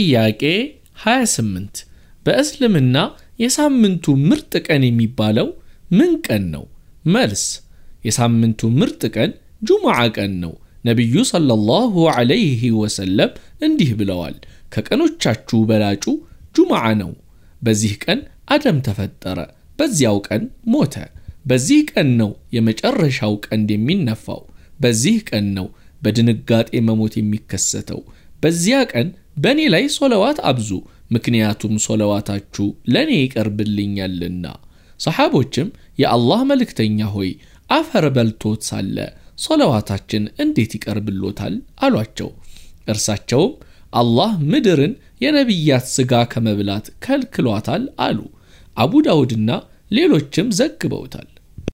ጥያቄ 28 በእስልምና የሳምንቱ ምርጥ ቀን የሚባለው ምን ቀን ነው? መልስ የሳምንቱ ምርጥ ቀን ጁሙዓ ቀን ነው። ነቢዩ ሰለላሁ ዐለይሂ ወሰለም እንዲህ ብለዋል፣ ከቀኖቻችሁ በላጩ ጁሙዓ ነው። በዚህ ቀን አደም ተፈጠረ፣ በዚያው ቀን ሞተ። በዚህ ቀን ነው የመጨረሻው ቀንድ የሚነፋው። በዚህ ቀን ነው በድንጋጤ መሞት የሚከሰተው። በዚያ ቀን በእኔ ላይ ሶለዋት አብዙ ምክንያቱም ሶለዋታችሁ ለእኔ ይቀርብልኛልና ሰሓቦችም የአላህ መልእክተኛ ሆይ አፈር በልቶት ሳለ ሶለዋታችን እንዴት ይቀርብሎታል አሏቸው እርሳቸውም አላህ ምድርን የነቢያት ሥጋ ከመብላት ከልክሏታል አሉ አቡ ዳውድና ሌሎችም ዘግበውታል